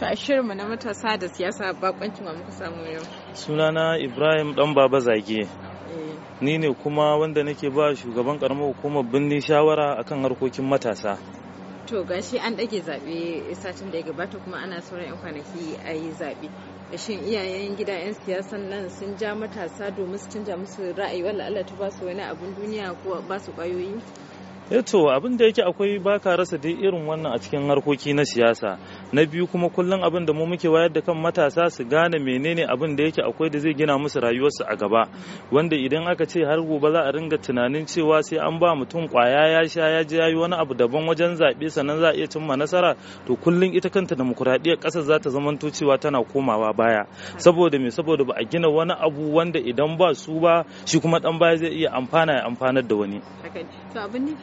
a na matasa da siyasa bakoncin wa muka samu yau. Sunana Ibrahim Dan Baba Zage. Eh. Ni ne kuma wanda nake ba shugaban karamar hukumar birni shawara akan harkokin matasa. to gashi an ɗage zaɓe satin da ya gabata kuma ana sauran 'yan kwanaki a yi zaɓe shin iyayen gida 'yan siyasan nan sun ja matasa domin su canja musu ra'ayi wala Allah ta ba su wani abun duniya ko ba su ƙwayoyi Eh to abin da yake akwai baka rasa dai irin wannan a cikin harkoki na siyasa na biyu kuma kullum abin da mu muke wayar da kan matasa su gane menene abin da yake akwai da zai gina musu rayuwarsu a gaba wanda idan aka ce har gobe za a ringa tunanin cewa sai an ba mutum kwaya ya sha ya ji yayi wani abu daban wajen zaɓe sannan za a iya cimma nasara to kullum ita kanta demokuraɗiyyar ƙasar za ta zamanto cewa tana komawa baya saboda me saboda ba a gina wani abu wanda idan ba su ba shi kuma ɗan baya zai iya amfana ya amfanar da wani.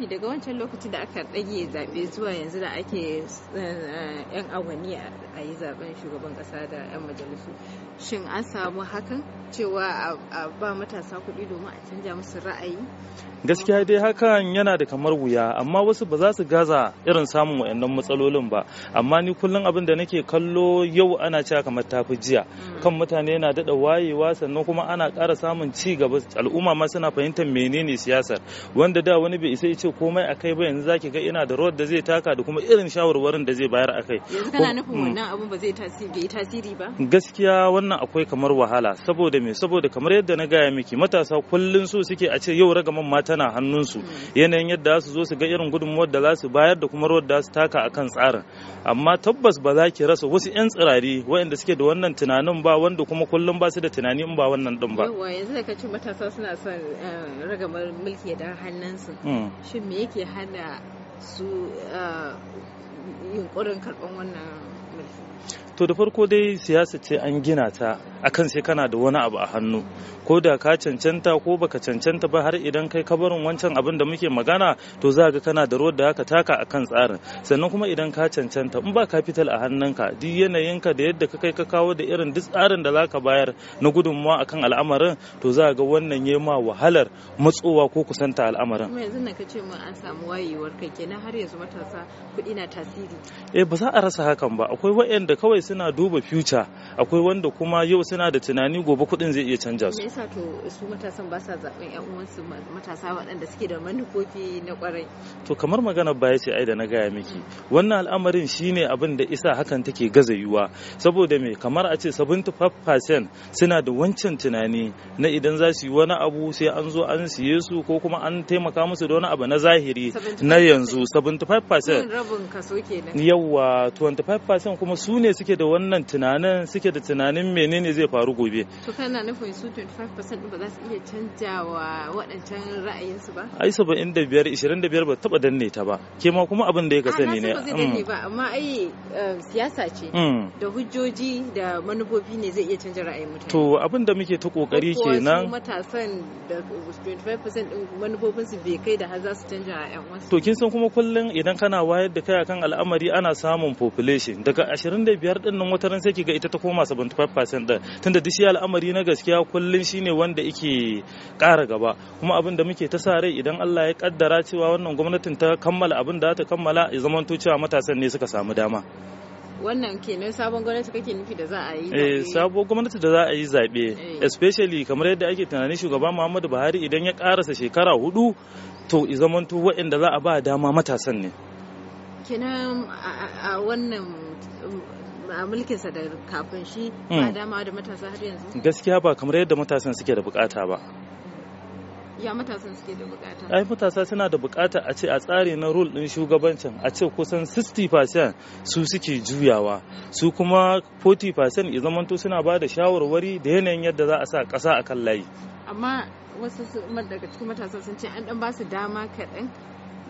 daga wancan lokaci da aka ɗage zaɓe zuwa yanzu da ake eh, yan awanni a yi zaɓen shugaban ƙasa da yan majalisu shin an samu hakan cewa a ba matasa kuɗi domin a canja musu ra'ayi gaskiya dai hakan yana da kamar wuya amma wasu ba za su gaza irin samun wayannan matsalolin ba amma ni kullum abin da nake kallo yau ana cewa kamar tafi jiya mm. kan mutane yana dada wayewa sannan kuma ana ƙara samun ci gaba al'umma ma suna fahimtar menene siyasar wanda da wani bai isa ya ce komai a kai ba yanzu zaki ga ina da road da zai taka da kuma irin shawarwarin da zai bayar a kai yanzu kana nufin mm. wannan abu ba zai tasiri tasiri ba gaskiya wannan akwai kamar wahala saboda me saboda kamar yadda na gaya miki matasa kullun su suke a ce yau ragaman ma tana hannunsu mm. yanayin yadda za su zo su ga irin gudunmuwar da za su bayar da kuma road da su taka akan tsarin amma tabbas ba za ki rasa wasu 'yan tsirari waɗanda suke da wannan tunanin ba wanda kuma kullum ba su da tunani in ba wannan din ba yanzu da ce matasa suna son eh, ragamar mulki da hannunsu mm. shin me yake hana su uh, yunkurin karɓar wannan to da farko dai siyasa ce an gina ta akan sai kana da wani abu a hannu ko da ka cancanta ko baka cancanta ba har idan kai kabarin wancan abin da muke magana to za ga kana da ruwa da aka taka akan tsarin sannan kuma idan ka cancanta in ba capital a hannunka duk ka da yadda ka kai ka kawo da irin duk tsarin da zaka bayar na gudunmawa akan al'amarin to za ga wannan yayi ma wahalar matsowa ko kusanta al'amarin kuma yanzu na kace mun an samu wayewar kai kenan har yanzu matasa kuɗi na tasiri eh ba za a rasa hakan ba akwai waɗanda kawai suna duba future akwai wanda kuma yau suna da tunani gobe kuɗin zai iya canja su. Me to su matasan ba sa zaɓen ƴan uwansu matasa waɗanda suke da manufofi na ƙwarai. To kamar magana baya ce ai da na gaya miki wannan al'amarin shine abin da isa hakan take gaza yiwa saboda me kamar a ce 75% suna da wancan tunani na idan za su yi wani abu sai an zo an siye su ko kuma an taimaka musu da wani abu na zahiri na yanzu 75% rabin kaso kenan. Yawwa 25% kuma su ne suke da wannan tunanin suke da tunanin menene zai faru gobe to kana nufin su 25% ba za su iya canjawa waɗancan ra'ayinsu ba ai 75 biyar ba taba danne ta ba ke ma kuma abin da ya kasani ne ba zai danne mm. ba amma ai eh, siyasa ce mm. da hujjoji da manufofi ne zai iya canja ra'ayin mutane to abin da muke ta kokari kenan matasan da 25% din manufofin bai kai da har za su canja ra'ayin wasu to kin san kuma kullum idan kana wayar da kai akan al'amari ana samun population daga 25 75 din nan wataran sai kiga ita ta koma 75% din tunda duk al'amari na gaskiya kullun shine wanda yake ƙara gaba kuma abin da muke ta sa rai idan Allah ya kaddara cewa wannan gwamnatin ta kammala abin da ta kammala ya to cewa matasan ne suka samu dama wannan kenan sabon gwamnati kake nufi da za a yi eh sabon gwamnati da za a yi zabe eh. especially kamar yadda ake tunanin shugaba Muhammadu Buhari idan ya karasa shekara hudu to zamanto waɗanda za a ba dama matasan ne kenan a wannan a mulkinsa da kafin shi ba hmm. dama da matasa har yanzu gaskiya ba kamar yadda matasan suke da bukata ba ya matasan suke da bukata ai matasa suna da bukata a ce a tsari na rule din shugabancin a ce kusan 60% su suke juyawa su kuma 40% ya zamanto suna ba da shawarwari da yanayin yadda za a sa kasa akan layi amma wasu daga cikin matasan sun ce an dan ba su dama kaɗan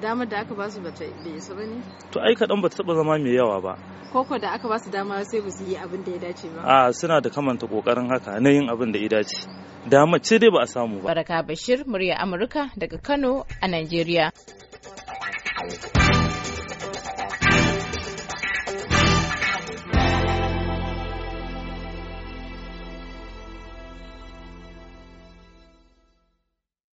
damar da aka basu ba bai isa ne? to ai kaɗan bata taɓa zama mai yawa ba koko da aka basu dama sai ba su yi abin da ya dace ba a suna da kamanta kokarin haka na yin abin da ya dace dama ce dai ba a samu ba baraka bashir murya amurka daga kano a nigeria